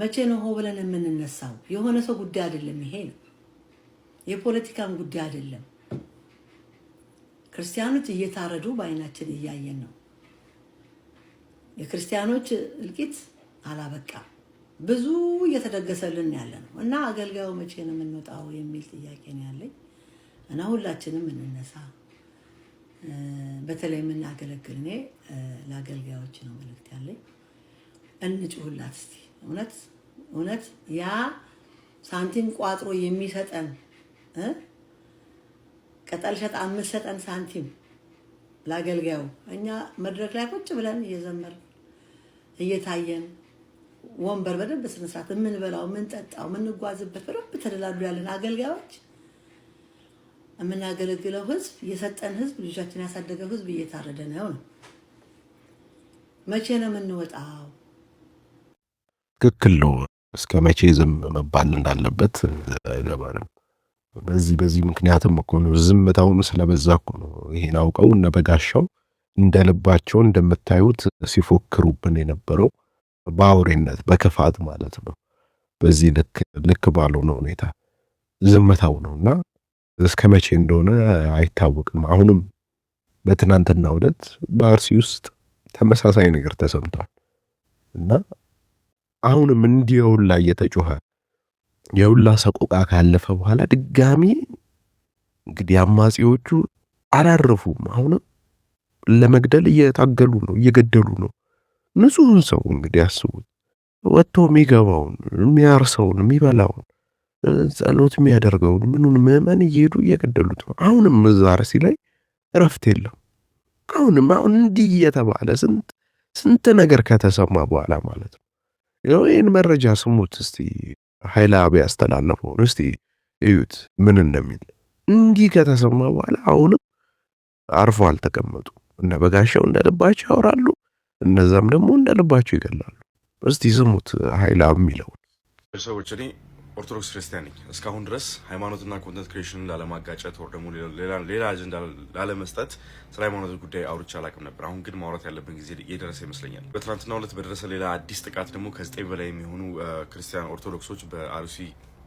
መቼ ነው ሆ ብለን የምንነሳው? የሆነ ሰው ጉዳይ አይደለም። ይሄ ነው የፖለቲካም ጉዳይ አይደለም። ክርስቲያኖች እየታረዱ በአይናችን እያየን ነው። የክርስቲያኖች እልቂት አላበቃም። ብዙ እየተደገሰልን ያለ ነው እና አገልጋዩ መቼ ነው የምንወጣው የሚል ጥያቄ ነው ያለኝ እና ሁላችንም እንነሳ። በተለይ የምናገለግል እኔ ለአገልጋዮች ነው መልእክት ያለኝ። እንጩሁላት እስቲ እውነት እውነት ያ ሳንቲም ቋጥሮ የሚሰጠን ቅጠል ሸጣን የምትሰጠን ሳንቲም ለአገልጋዩ እኛ መድረክ ላይ ቁጭ ብለን እየዘመርን እየታየን ወንበር በደንብ ስነስርዓት የምንበላው የምንጠጣው የምንጓዝበት በደንብ ተደላሉ ያለን አገልጋዮች የምናገለግለው ህዝብ የሰጠን ህዝብ ልጆቻችን ያሳደገው ህዝብ እየታረደ ነው ነው። መቼ ነው የምንወጣው? ትክክል ነው። እስከ መቼ ዝም መባል እንዳለበት አይገባንም። በዚህ በዚህ ምክንያትም እኮ ነው ዝምታውን ስለበዛ እኮ ነው ይሄን አውቀው እነ በጋሻው እንደ ልባቸው እንደምታዩት ሲፎክሩብን የነበረው በአውሬነት በክፋት ማለት ነው። በዚህ ልክ ልክ ባልሆነ ሁኔታ ዝምታው ነው እና እስከ መቼ እንደሆነ አይታወቅም። አሁንም በትናንትና ዕለት በአርሲ ውስጥ ተመሳሳይ ነገር ተሰምቷል እና አሁንም እንዲህ የሁላ እየተጮኸ የሁላ ሰቆቃ ካለፈ በኋላ ድጋሚ እንግዲህ አማጺዎቹ አላረፉም። አሁንም ለመግደል እየታገሉ ነው፣ እየገደሉ ነው። ንጹህን ሰው እንግዲህ አስቡት። ወጥቶ የሚገባውን የሚያርሰውን፣ የሚበላውን፣ ጸሎት የሚያደርገውን ምኑን ምዕመን እየሄዱ እየገደሉት ነው። አሁንም እዛ አርሲ ላይ እረፍት የለም። አሁንም አሁን እንዲህ እየተባለ ስንት ስንት ነገር ከተሰማ በኋላ ማለት ነው ይህን መረጃ ስሙት እስቲ ኃይለ አብ ያስተላለፈውን እስቲ እዩት ምን እንደሚል። እንዲህ ከተሰማ በኋላ አሁንም አርፎ አልተቀመጡ። እነ በጋሻው እንደልባቸው ያወራሉ፣ እነዛም ደግሞ እንደልባቸው ይገላሉ። እስቲ ስሙት ኃይለ አብ የሚለውን ሰዎች እኔ ኦርቶዶክስ ክርስቲያን ነኝ። እስካሁን ድረስ ሃይማኖትና ኮንተንት ክሬሽንን ላለማጋጨት ወር ደግሞ ሌላ አጀንዳ ላለመስጠት ስለ ሃይማኖት ጉዳይ አውርቼ አላቅም ነበር። አሁን ግን ማውራት ያለብን ጊዜ የደረሰ ይመስለኛል። በትናንትናው ዕለት በደረሰ ሌላ አዲስ ጥቃት ደግሞ ከዘጠኝ በላይ የሚሆኑ ክርስቲያን ኦርቶዶክሶች በአርሲ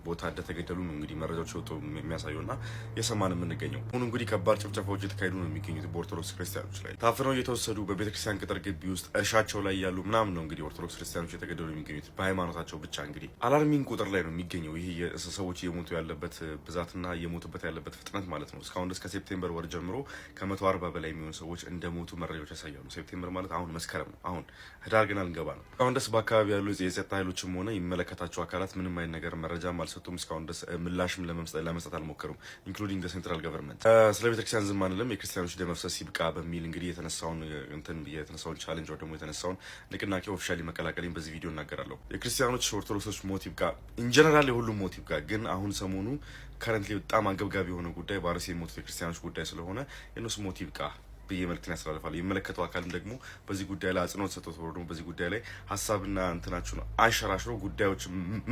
ቦታ እንደተገደሉ ነው እንግዲህ መረጃዎች ወጡ የሚያሳየው እና የሰማን የምንገኘው። አሁን እንግዲህ ከባድ ጭፍጨፋዎች እየተካሄዱ ነው የሚገኙት በኦርቶዶክስ ክርስቲያኖች ላይ ታፍነው እየተወሰዱ በቤተክርስቲያን ቅጥር ግቢ ውስጥ እርሻቸው ላይ ያሉ ምናምን ነው እንግዲህ ኦርቶዶክስ ክርስቲያኖች የተገደሉ የሚገኙት በሃይማኖታቸው ብቻ። እንግዲህ አላርሚንግ ቁጥር ላይ ነው የሚገኘው ይህ ሰዎች እየሞቱ ያለበት ብዛትና እየሞቱበት ያለበት ፍጥነት ማለት ነው። እስካሁን እስከ ሴፕቴምበር ወር ጀምሮ ከመቶ አርባ በላይ የሚሆኑ ሰዎች እንደሞቱ መረጃዎች ያሳያሉ። ሴፕቴምበር ማለት አሁን መስከረም ነው። አሁን ህዳር ግን አልንገባ ነው። እስካሁን ድረስ በአካባቢ ያሉ የጸጥታ ኃይሎችም ሆነ የሚመለከታቸው አካላት ምንም አይነት ነገር መረጃ አልሰጡም። እስካሁን ድረስ ምላሽም ለመስጠት አልሞከሩም። ኢንክሉዲንግ ሴንትራል ገቨርንመንት ስለ ቤተክርስቲያን ዝም አንልም፣ የክርስቲያኖች ደም መፍሰስ ይብቃ በሚል እንግዲህ የተነሳውን እንትን የተነሳውን ቻሌንጅ ወይ ደግሞ የተነሳውን ንቅናቄ ኦፊሻሊ መቀላቀልኝ በዚህ ቪዲዮ እናገራለሁ። የክርስቲያኖች ኦርቶዶክሶች ሞት ይብቃ፣ ኢንጀነራል የሁሉም ሞት ይብቃ። ግን አሁን ሰሞኑ ከረንትሊ በጣም አንገብጋቢ የሆነ ጉዳይ በአርሲ የሞቱት የክርስቲያኖች ጉዳይ ስለሆነ የነሱ ሞት ይብቃ ብዬ መልክትን ያስተላልፋል። የሚመለከተው አካልም ደግሞ በዚህ ጉዳይ ላይ አጽንኦት ሰጥቶ ደግሞ በዚህ ጉዳይ ላይ ሀሳብና እንትናችሁን አሸራሽሮ ጉዳዮች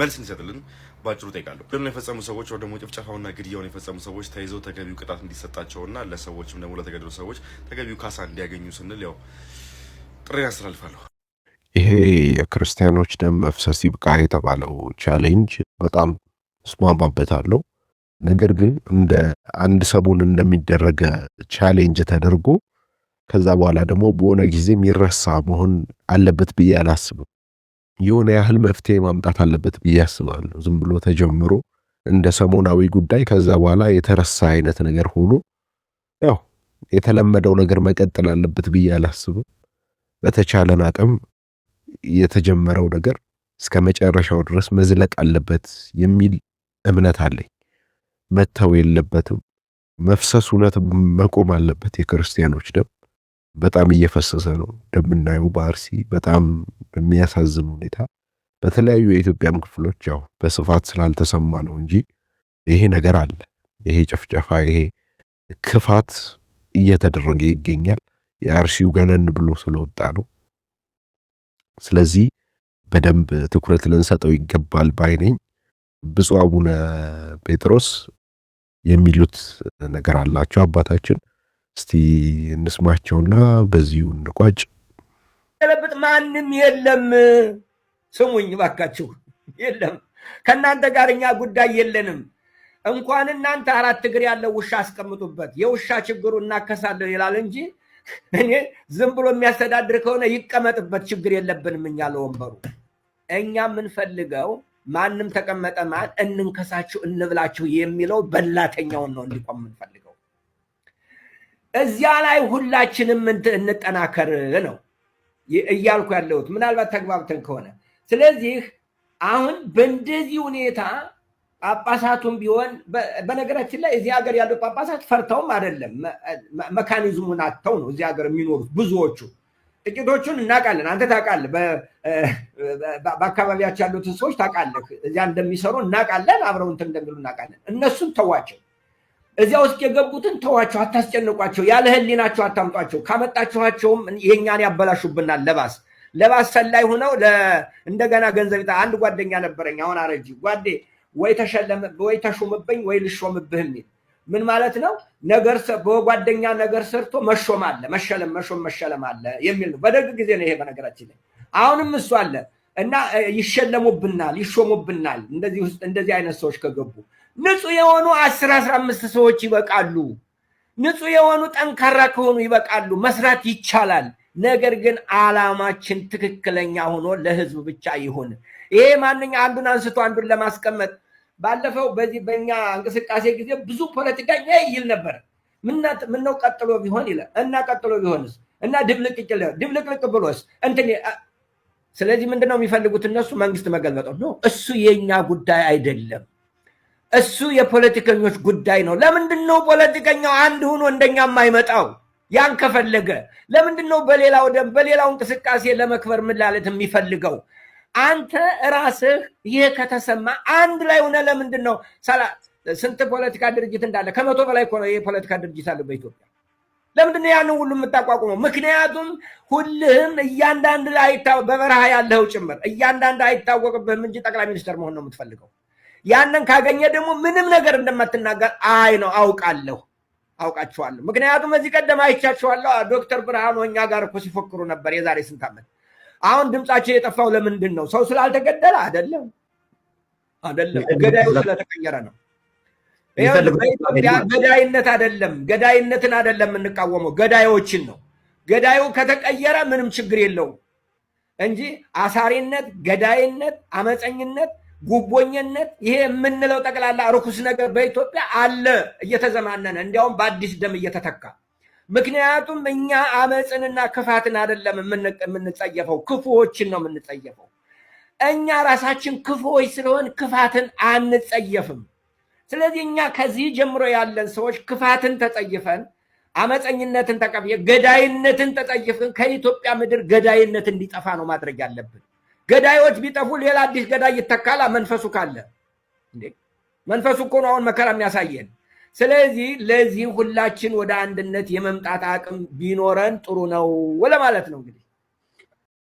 መልስ እንዲሰጥልን ባጭሩ ጠይቃለሁ። ድምነ የፈጸሙ ሰዎች ወይ ደግሞ ጭፍጨፋውና ግድያውን የፈጸሙ ሰዎች ተይዘው ተገቢው ቅጣት እንዲሰጣቸውና ለሰዎችም ደግሞ ለተገደሉ ሰዎች ተገቢው ካሳ እንዲያገኙ ስንል ያው ጥሪ ያስተላልፋለሁ። ይሄ የክርስቲያኖች ደም መፍሰስ ይብቃ የተባለው ቻሌንጅ በጣም እስማማበታለሁ። ነገር ግን እንደ አንድ ሰሞን እንደሚደረገ ቻሌንጅ ተደርጎ ከዛ በኋላ ደግሞ በሆነ ጊዜ የሚረሳ መሆን አለበት ብዬ አላስብም። የሆነ ያህል መፍትሄ ማምጣት አለበት ብዬ አስባለሁ። ዝም ብሎ ተጀምሮ እንደ ሰሞናዊ ጉዳይ ከዛ በኋላ የተረሳ አይነት ነገር ሆኖ ያው የተለመደው ነገር መቀጠል አለበት ብዬ አላስብም። በተቻለን አቅም የተጀመረው ነገር እስከ መጨረሻው ድረስ መዝለቅ አለበት የሚል እምነት አለኝ። መተው የለበትም። መፍሰስ እውነት መቆም አለበት። የክርስቲያኖች ደም በጣም እየፈሰሰ ነው። እንደምናየው በአርሲ በጣም በሚያሳዝን ሁኔታ በተለያዩ የኢትዮጵያም ክፍሎች ያው በስፋት ስላልተሰማ ነው እንጂ ይሄ ነገር አለ። ይሄ ጭፍጨፋ፣ ይሄ ክፋት እየተደረገ ይገኛል። የአርሲው ገነን ብሎ ስለወጣ ነው። ስለዚህ በደንብ ትኩረት ልንሰጠው ይገባል ባይነኝ። ነኝ። ብፁዕ አቡነ ጴጥሮስ የሚሉት ነገር አላቸው አባታችን። እስቲ እንስማቸውና በዚሁ እንቋጭ። ለብጥ ማንም የለም። ስሙኝ ባካችሁ፣ የለም ከእናንተ ጋር እኛ ጉዳይ የለንም። እንኳን እናንተ አራት እግር ያለው ውሻ አስቀምጡበት፣ የውሻ ችግሩ እናከሳለን ይላል እንጂ እኔ ዝም ብሎ የሚያስተዳድር ከሆነ ይቀመጥበት፣ ችግር የለብንም እኛ ለወንበሩ። እኛ የምንፈልገው ማንም ተቀመጠ ማን እንንከሳችሁ እንብላችሁ የሚለው በላተኛውን ነው እንዲቆም የምንፈልገው። እዚያ ላይ ሁላችንም እንጠናከር ነው እያልኩ ያለሁት ምናልባት ተግባብተን ከሆነ። ስለዚህ አሁን በእንደዚህ ሁኔታ ጳጳሳቱም ቢሆን በነገራችን ላይ እዚህ ሀገር ያሉ ጳጳሳት ፈርተውም አይደለም፣ መካኒዝሙን አጥተው ነው እዚህ ሀገር የሚኖሩት ብዙዎቹ ጥቂቶቹን እናውቃለን። አንተ ታውቃለህ፣ በአካባቢያቸው ያሉትን ሰዎች ታውቃለህ። እዚያ እንደሚሰሩ እናውቃለን፣ አብረው እንትን እንደሚሉ እናውቃለን። እነሱን ተዋቸው፣ እዚያ ውስጥ የገቡትን ተዋቸው፣ አታስጨንቋቸው፣ ያለ ህሊናቸው አታምጧቸው። ካመጣችኋቸውም ይሄኛን ያበላሹብናል። ለባስ ለባስ ሰላይ ሆነው እንደገና ገንዘብ አንድ ጓደኛ ነበረኝ፣ አሁን አረጂ ጓዴ፣ ወይ ተሸለመ ወይ ተሾምብኝ ወይ ልሾምብህ የሚል ምን ማለት ነው? ነገር በጓደኛ ነገር ሰርቶ መሾም አለ፣ መሸለም፣ መሾም፣ መሸለም አለ የሚል ነው። በደርግ ጊዜ ነው ይሄ በነገራችን ላይ አሁንም እሱ አለ እና ይሸለሙብናል፣ ይሾሙብናል። እንደዚህ እንደዚህ አይነት ሰዎች ከገቡ ንጹህ የሆኑ አስር አስራ አምስት ሰዎች ይበቃሉ። ንጹህ የሆኑ ጠንካራ ከሆኑ ይበቃሉ። መስራት ይቻላል። ነገር ግን አላማችን ትክክለኛ ሆኖ ለህዝብ ብቻ ይሁን። ይሄ ማንኛ አንዱን አንስቶ አንዱን ለማስቀመጥ ባለፈው በዚህ በእኛ እንቅስቃሴ ጊዜ ብዙ ፖለቲከኛ ይል ነበር። ምነው ቀጥሎ ቢሆን ይለ እና ቀጥሎ ቢሆንስ እና ድብልቅቅ ድብልቅልቅ ብሎስ እንትን። ስለዚህ ምንድነው የሚፈልጉት እነሱ መንግስት መገልበጠው ነው። እሱ የእኛ ጉዳይ አይደለም። እሱ የፖለቲከኞች ጉዳይ ነው። ለምንድነው ፖለቲከኛው አንድ ሆኖ እንደኛ የማይመጣው? ያን ከፈለገ ለምንድነው በሌላው ደም በሌላው እንቅስቃሴ ለመክበር ምን የሚፈልገው? አንተ ራስህ ይህ ከተሰማ አንድ ላይ ሆነ። ለምንድን ነው ስንት ፖለቲካ ድርጅት እንዳለ? ከመቶ በላይ እኮ ነው ይህ ፖለቲካ ድርጅት አለ በኢትዮጵያ። ለምንድን ነው ያንን ሁሉ የምታቋቁመው? ምክንያቱም ሁልህም እያንዳንድ በበረሃ ያለው ጭምር እያንዳንድ አይታወቅብህም እንጂ ጠቅላይ ሚኒስትር መሆን ነው የምትፈልገው። ያንን ካገኘ ደግሞ ምንም ነገር እንደማትናገር አይ ነው አውቃለሁ፣ አውቃችኋለሁ። ምክንያቱም እዚህ ቀደም አይቻችኋለሁ። ዶክተር ብርሃኑ እኛ ጋር እኮ ሲፎክሩ ነበር የዛሬ ስንት ዓመት አሁን ድምፃቸው የጠፋው ለምንድን ነው? ሰው ስላልተገደለ አይደለም፣ አይደለም። ገዳዩ ስለተቀየረ ነው። በኢትዮጵያ ገዳይነት አይደለም፣ ገዳይነትን አይደለም የምንቃወመው ገዳዮችን ነው። ገዳዩ ከተቀየረ ምንም ችግር የለውም እንጂ አሳሪነት፣ ገዳይነት፣ አመፀኝነት፣ ጉቦኝነት ይሄ የምንለው ጠቅላላ ርኩስ ነገር በኢትዮጵያ አለ፣ እየተዘማነነ እንዲያውም በአዲስ ደም እየተተካ ምክንያቱም እኛ አመፅንና ክፋትን አይደለም የምንጸየፈው፣ ክፉዎችን ነው የምንጸየፈው። እኛ ራሳችን ክፉዎች ስለሆን ክፋትን አንጸየፍም። ስለዚህ እኛ ከዚህ ጀምሮ ያለን ሰዎች ክፋትን ተጸይፈን፣ አመፀኝነትን ተቀብ ገዳይነትን ተጸይፍን ከኢትዮጵያ ምድር ገዳይነት እንዲጠፋ ነው ማድረግ ያለብን። ገዳዮች ቢጠፉ ሌላ አዲስ ገዳይ ይተካላ። መንፈሱ ካለ መንፈሱ እኮ ነው አሁን መከራ የሚያሳየን ስለዚህ ለዚህ ሁላችን ወደ አንድነት የመምጣት አቅም ቢኖረን ጥሩ ነው ለማለት ነው እንግዲህ